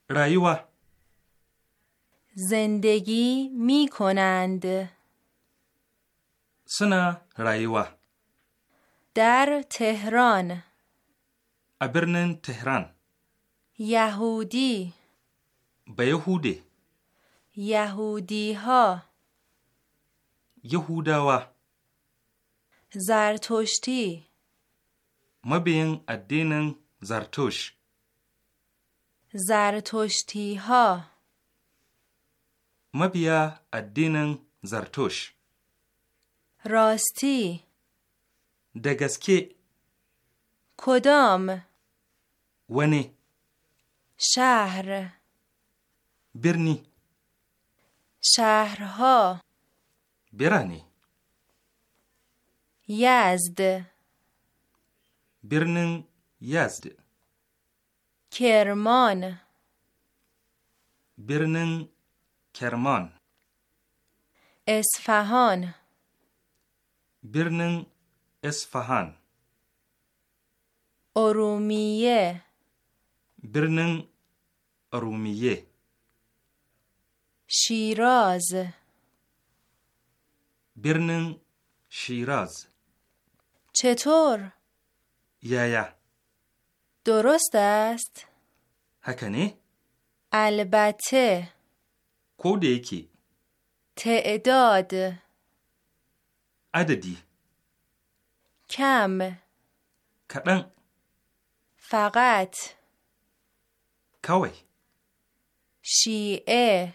رایوا زندگی می کنند سنا رایوا در تهران ابرنن تهران یهودی به یهودی یهودی ها یهوداوه زرتشتی مبین الدین زرتوش زرتشتی ها مبیا الدین زرتوش راستی دگسکی کدام ونی شهر برنی شهرها برانی یزد برنن یزد کرمان برنن کرمان اسفهان برنن اسفهان ارومیه برنن ارومیه شیراز برنن شیراز چطور؟ یا یا درست است؟ هکنی؟ البته کوده کی؟ تعداد عددی کم کدن فقط کوی شیعه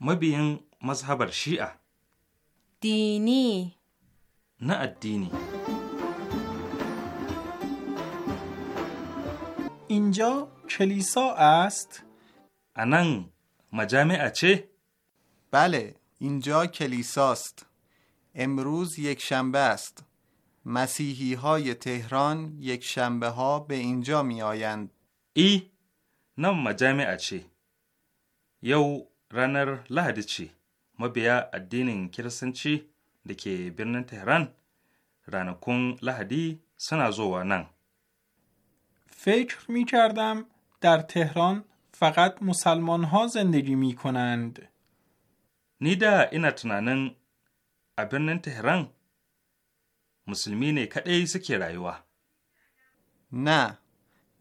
مبین مذهب شیعه دینی نه addini اینجا کلیسا است؟ انن مجامع چه؟ بله اینجا کلیساست امروز یک شنبه است مسیحی های تهران یک شنبه ها به اینجا می آیند ای نه مجامع چه؟ یو رنر لحد چی؟ ما بیا ادینین کرسن چی؟ da ke تهران Tehran ranakun Lahadi suna و فکر می کردم در تهران فقط مسلمان ها زندگی می کنند. نیده اینا تنانن ابرنن تهران مسلمین نه کدی که رایوا نه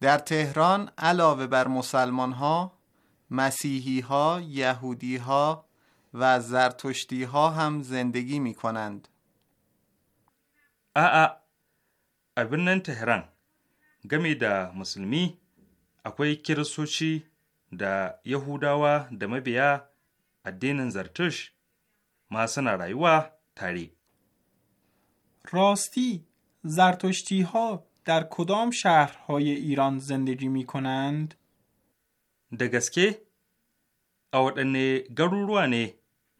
در تهران علاوه بر مسلمان ها مسیحی ها یهودی ها و زرتشتی ها هم زندگی می کنند. ا ابنن تهران گمی دا مسلمی اکوی کرسو چی دا یهودا و دمه زرتش ما سنا رای و تاری. راستی زرتشتی ها در کدام شهر های ایران زندگی می کنند؟ دگست که؟ او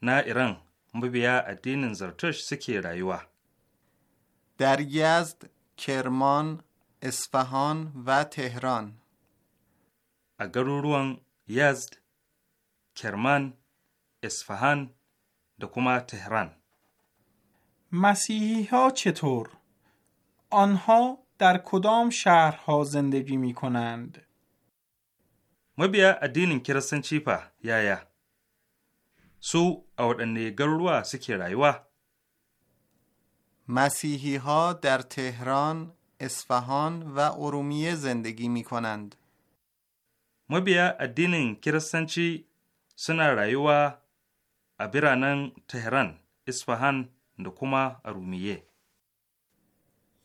نه ایران مبیا ادین زرتش سکی رایوا در یزد، کرمان، اصفهان و تهران اگروروان یزد، کرمان، اصفهان da تهران مسیحی ها چطور؟ آنها در کدام شهرها زندگی می کنند؟ مبیا ادینین کرسنچی یا یایه. سو او گروه سکی رایوه مسیحی ها در تهران، اصفهان و ارومیه زندگی می کنند. مبیا ادینین کرستنچی سنا رایوا. a تهران، اصفهان، Isfahan da kuma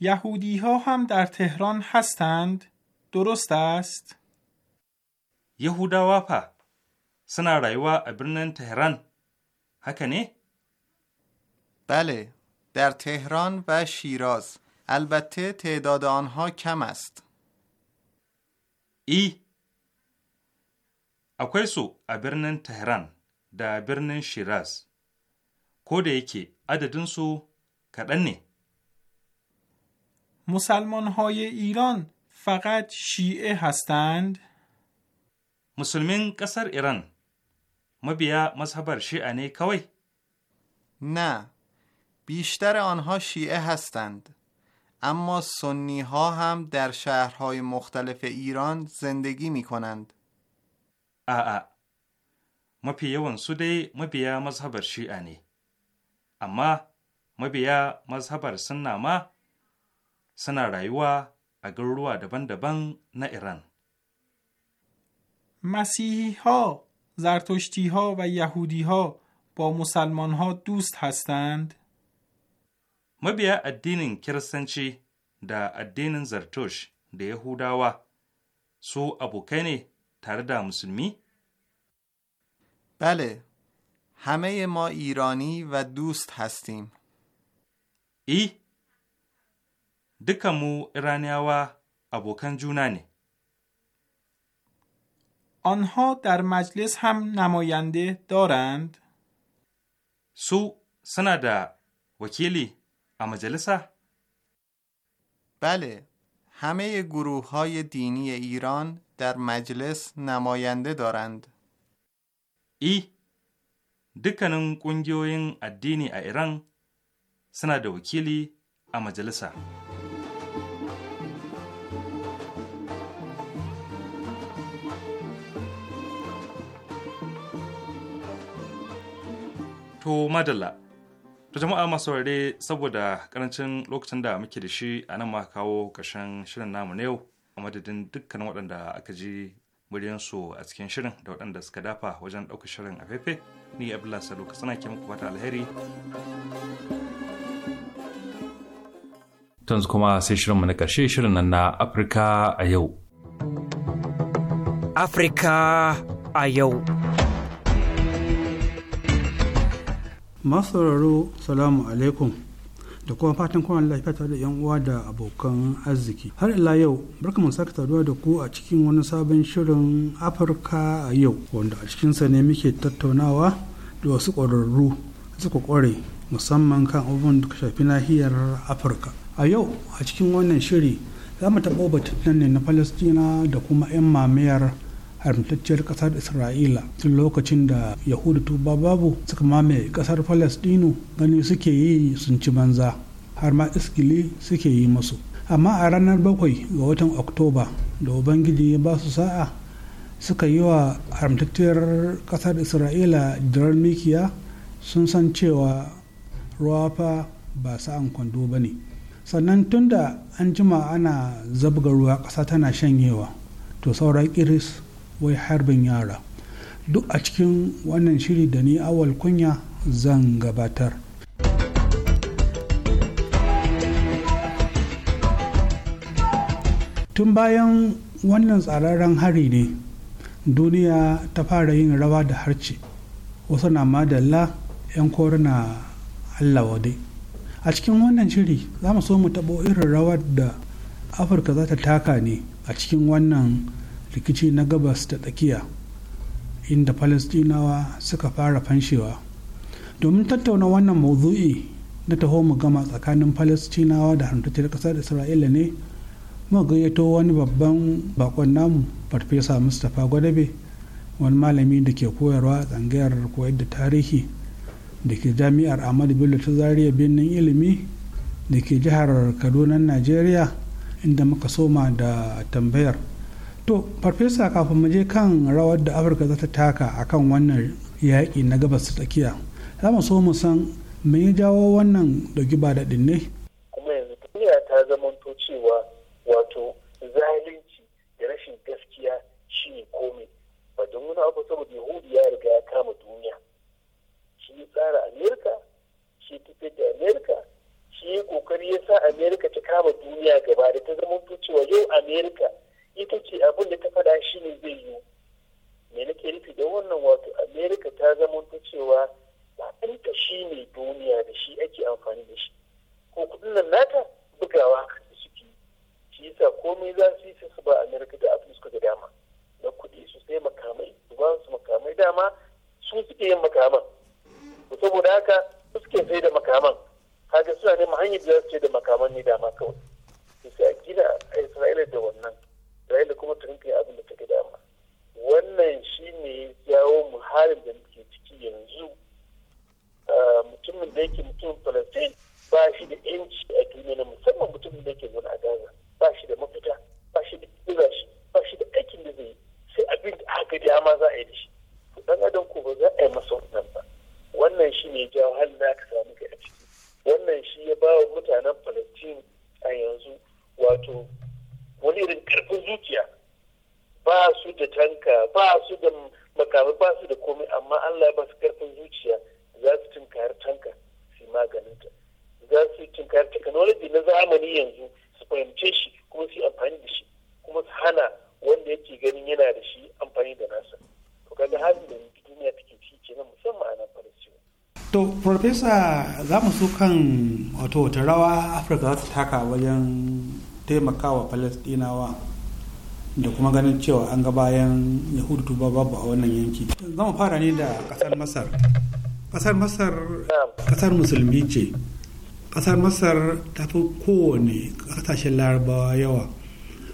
یهودی ها هم در تهران هستند درست است؟ یهودا پا سنا و ابرنن تهران هکنه؟ بله در تهران و شیراز البته تعداد آنها کم است ای اکوی سو ابرنن تهران. Tehran شیراز. شیراز. Shiraz, ko da yake مسلمان های ایران فقط شیعه هستند؟ مسلمین قصر ایران مبیه مذهبر شیعه کوی نه بیشتر آنها شیعه هستند اما سنی ها هم در شهرهای مختلف ایران زندگی می کنند آآ ما یوان سوده بیا مذهبر شیعه اما بیا مذهبر سنه ما سنه رایوه a دبن daban-daban na Iran. Masihi زرتشتی ها و یهودی ها با مسلمان ها دوست هستند؟ بیا ادینین کرسنچی دا ادینین زرتوش دا یهوداوا سو ابوکنی تر دا مسلمی؟ بله همه ما ایرانی و دوست هستیم ای دکمو ایرانیاوا ابوکن جونانی آنها در مجلس هم نماینده دارند؟ سو سندا وکیلی اما جلسه؟ بله همه گروه های دینی ایران در مجلس نماینده دارند ای دکنن کنگیوین الدینی ایران سندا وکیلی اما جلسه To madalla. To jama'a masu saurare saboda karancin lokacin da muke da shi a nan ma kawo ƙarshen shirin namu na yau a madadin dukkan waɗanda aka ji muryansu a cikin shirin da waɗanda suka dafa wajen ɗaukar shirin a fefe ni abdullahi salo ka sana ke muku fata alheri su kuma sai shirinmu na ƙarshe shirin nan na afirka a yau afirka a yau masu sauraro salamu alaikum da kuma fatan kwanan lafiya tare da 'yan uwa da abokan arziki har ila yau barka mu saka taruwa da ku a cikin wani sabon shirin afirka a yau wanda a cikinsa ne muke tattaunawa da wasu ƙwararru suka ƙware musamman kan abubuwan da shafi nahiyar afirka a yau a cikin wannan shiri za mu taɓa batun ne na falastina da kuma 'yan mamayar haramtacciyar kasar isra'ila tun lokacin da yahudu tuba babu suka mamaye kasar palestino gani suke yi sun ci banza har ma iskili suke yi masu amma a ranar bakwai ga watan oktoba da ubangiji ya ba su sa'a suka yi wa haramtacciyar kasar isra'ila dirar mikiya sun san cewa ruwa fa ba sa'an kwando ba ne sannan tunda an jima ana zabga ruwa ƙasa tana shanyewa to sauran iris. wai harbin yara duk a cikin wannan shiri da ni awal kunya zan gabatar tun bayan wannan tsararren hari ne duniya ta fara yin rawa da harce wasu na madalla 'yan korina allah wade a cikin wannan shiri za mu so mu taɓo irin rawar da afirka za ta taka ne a cikin wannan rikici na gabas ta tsakiya inda falastinawa suka fara fanshewa domin tattauna wannan mauzu'i na taho mu gama tsakanin falastinawa da haramtacciyar ƙasar isra'ila ne ma gayyato wani babban bakon namu farfesa mustapha gwadabe wani malami da ke koyarwa a tsangayar koyar da tarihi da ke jami'ar ahmadu bello ta zaria birnin ilimi da ke jihar kaduna nigeria inda muka soma da tambayar to farfesa kafin mu je kan rawar da afirka za ta taka a kan wannan yaƙi na gabas ta tsakiya za mu so mu san me ya jawo wannan dauki ba daɗin ne kuma yanzu duniya ta zamanto cewa wato zalunci da rashin gaskiya shi ne komai ba don wani abu saboda yahudi ya riga ya kama duniya shi ya tsara amerika shi ya tafiyar da amerika shi ya kokari ya sa amerika ta kama duniya gaba da ta to cewa yau amerika ita ce abin da ta faɗa shi ne zai yi me nake rufe da wannan wato Amerika ta zama ta cewa kuɗinta shi ne duniya da shi ake amfani da shi ko kudin nan nata bugawa da suke shi yasa komai za su yi su ba america da abin suka ga dama na kuɗi su sai makamai su ba su makamai dama su suke yin makaman saboda haka suke sai da makaman kaga suna neman hanyar da za su ce da makaman ne dama kawai sai a gina a isra'ila da wannan isra'ila kuma ta rinka abin da ta ga dama wannan shi ne jawo mu halin da muke ciki yanzu ah, mutumin da yake mutumin palestine ba shi da yanci a duniya na musamman mutumin da yake zaune a gaza ba shi da mafita ba shi da kira ba shi da aikin da zai yi sai abin da aka dama za a yi da shi dan adam ko ba za a yi masa wannan ba wannan shi ne jawo halin da aka samu kai a ciki wannan shi ya ba wa mutanen palestine a yanzu wato wani irin karfin zuciya ba su da tanka ba su da makamai ba su da komai amma Allah ya ba su karfin zuciya za su tunkayar tanka su maganinta za su tunkayar technology na zamani yanzu su fahimce shi kuma su amfani da shi kuma su hana wanda yake ganin yana da shi amfani da nasa to kaga halin da duniya take ciki kenan musamman a nan Palestine to professor za mu so kan wato wata rawa Afirka za ta taka wajen taimakawa falastinawa da kuma ganin cewa an ga bayan yahudu tuba babu a wannan yanki zama fara ne da kasar masar kasar masar kasar musulmi ce kasar masar ta fi kowane kasashen larabawa yawa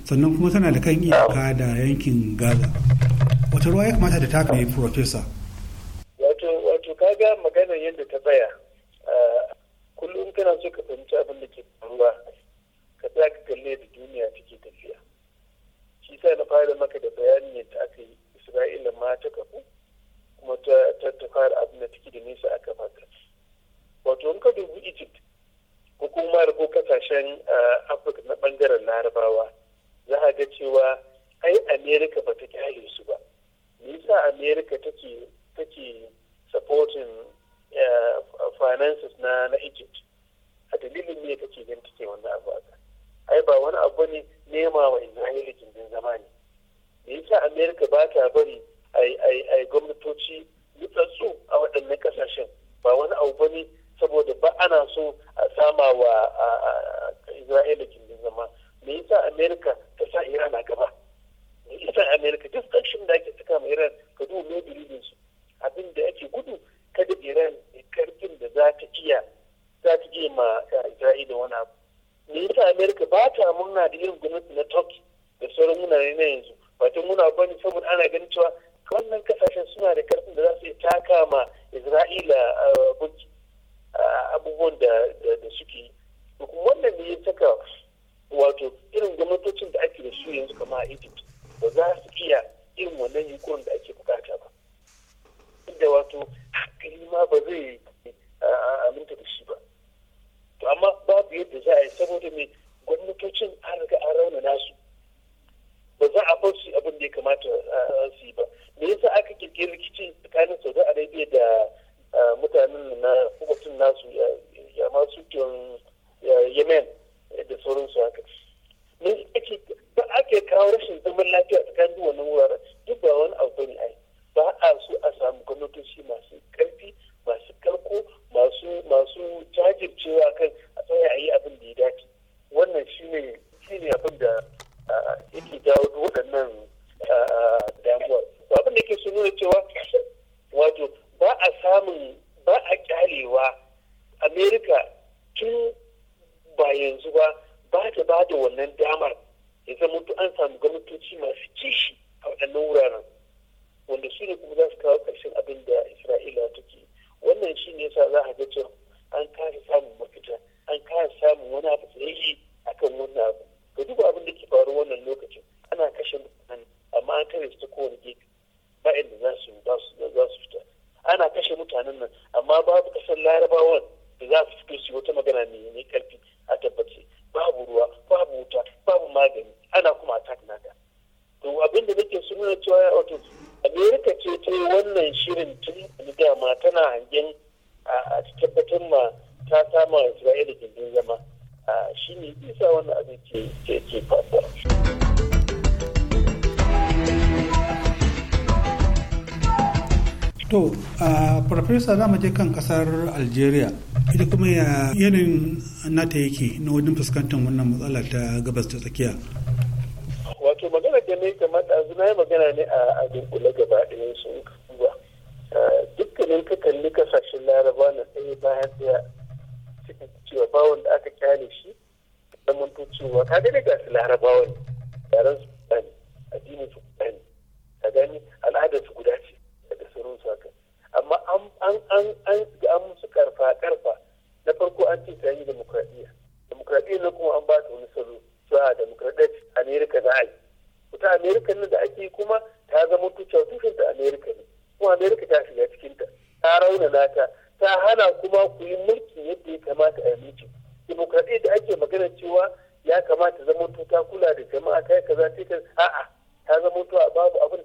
sannan kuma tana da kan iyaka da yankin gaza wata ruwa ya kamata da ta kai profesa wato kaga maganar yadda ta tsaya ah, kullum kana so ka fahimci abin da ke faruwa ka tsaya ka kalle da duniya take tafiya shi sa na fara maka da bayanin yadda aka yi isra'ila ma ta kafu kuma ta ta fara abin da take da nesa a kafa ta wato in ka dubi egypt hukumar ko kasashen ah, africa na bangaren larabawa za a ga cewa ai america ba ta kyale su ba me yasa america take take supporting ah, finances na na egypt a dalilin ne kake ganin take wannan abu ai ba wani abu ne nema wa isra'ila gindin zama ne da yasa amerika ba ta bari ai gwamnatoci nutsatsu a waɗannan ƙasashen ba wani abu ba ne saboda ba ana so a sama wa isra'ila gindin zama me yasa amerika ta sa iran a gaba me yasa amerika duk ƙarshen da ake saka ma iran ka duba me dalilin su abin da ake gudu kada iran karfin da za ta iya za ta ma eh, isra'ila wani abu me yasa america ba ta murna da irin gwamnati na turkey da sauran wunare na yanzu wato muna bani saboda ana ganin cewa wannan kasashen suna da karfin da za su taka ma isra'ila eh, eh, abubuwan da suke yi wannan ne ya saka wato irin gwamnatocin da ake da su yanzu kama a egypt ba za su iya irin wannan yunkurin da ake bukata ba inda wato hankali ma ba zai eh, aminta da shi ba to amma babu yadda za a yi saboda mai gwamnatocin an riga an raunana su ba za a bar su abin da ya kamata su yi ba me yasa aka kirkiri rikicin tsakanin saudi arabia da mutanen na hukumatun nasu ya masu kyon yemen eh, da sauransu haka ba a ba kawo rashin zaman lafiya tsakanin wannan wurare duk ba wani abu ne ai ba a so a samu gwamnatoci masu karfi masu kalko masu masu jajircewa kan a tsaya a yi abin da ya dace wannan shine ne abin da ah, yake jawo waɗannan kasar algeria ita kuma ya yanayin nata yake na wajen fuskantar wannan matsala ta gabas ta tsakiya kamata a yi mutum da ake magana cewa ya kamata zama ta kula da jama'a ta kaza ta a'a ta zama to babu abin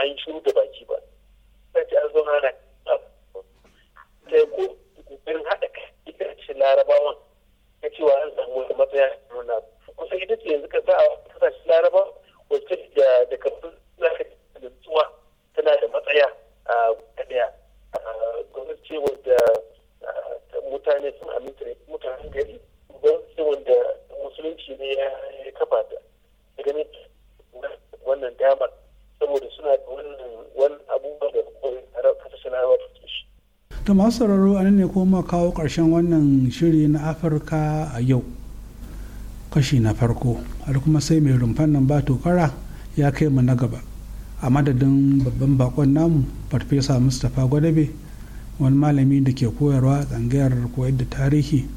an shi da baki ba sai ce an zauna na ta yi ko kokarin hada kai ita ce larabawan ce wa an samu wata matsaya nuna kusa ita ce yanzu ka sa a kasashen laraba wacce da da kafin za zaka da tsuwa tana da matsaya a kadaya gwamnati ce wadda mutane sun aminta mutanen gari gwamnati ce wanda musulunci ne ya kafa ta ganin wannan damar saboda suna da wannan wani abubuwa da kuma professional shi. ta masu sauraro a nan ne kuma kawo karshen wannan shiri na afirka a yau kashi na farko har kuma sai mai rumfan nan ba tokara ya kai mu na gaba a madadin babban bakon namu farfesa mustapha gwadabe wani malami da ke koyarwa a tsangayar koyar da tarihi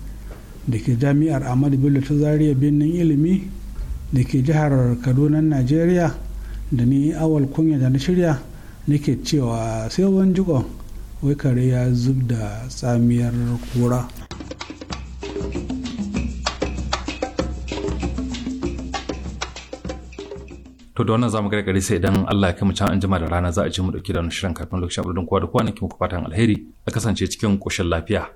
da ke jami'ar ahmadu bello ta zariya birnin ilimi da ke jihar kaduna nigeria. da ni awal kunya da na shirya nake cewa sai wani jiko wai kare ya zub da tsamiyar kura to da wannan zamu ga gari sai idan Allah ya kai mu can jima da rana za a ji mu dauki da shirin kafin lokacin abudin kowa da kowa nake muku fatan alheri a kasance cikin koshin lafiya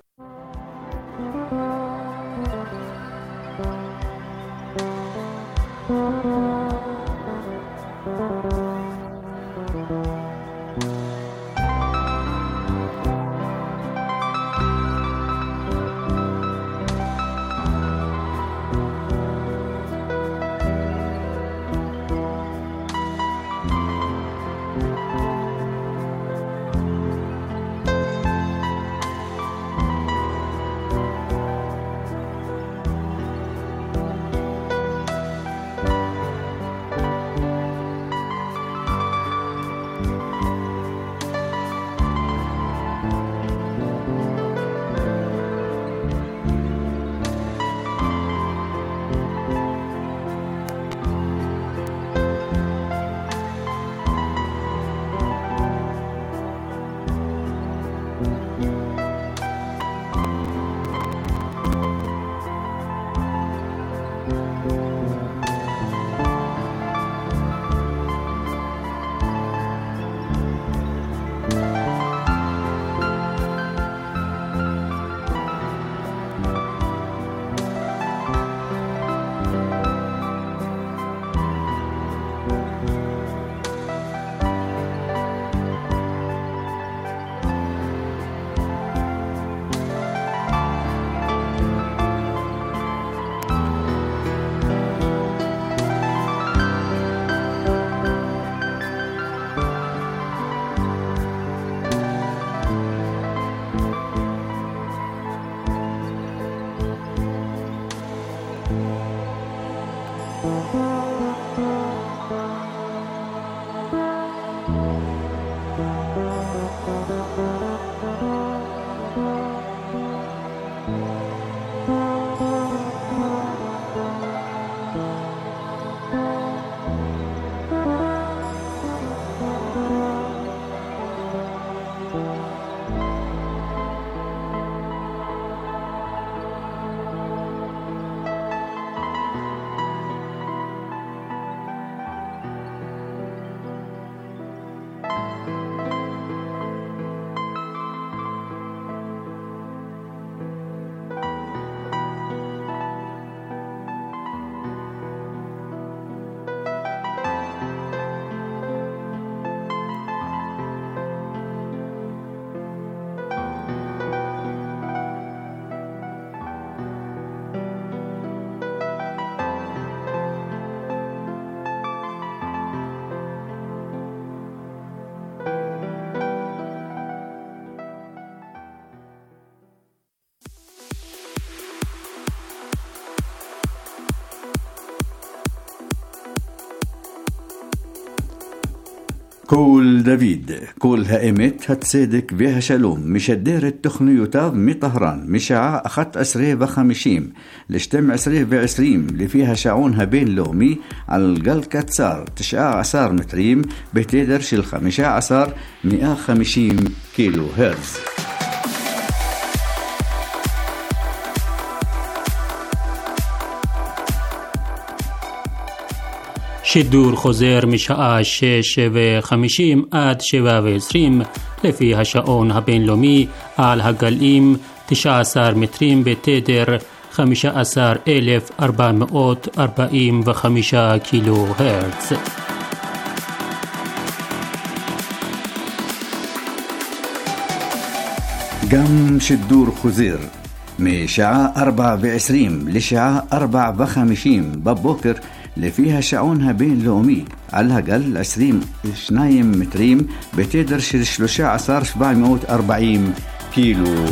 دافيد كول هائمت هتسيدك بها شلوم مش الدير تخنيوتاف مي طهران عا أخت أسريه بخمشيم لشتم أسريه بعسريم اللي فيها شعونها بين لومي على القل كتسار تشعى عسار متريم بتدرش الخمشة عسار مئة خمشيم كيلو هرتز שידור חוזר משעה 6 ו-50 עד 7 ו-20 לפי השעון הבינלאומי על הגלים 19 מטרים בתדר 15445 קילו הרץ. גם שידור חוזר משעה 4 ו-20 לשעה 4 ו-50 בבוקר اللي فيها شعونها بين لومي على الأقل 20 شنايم متريم بتقدر شلشلوشة عصار 740 كيلو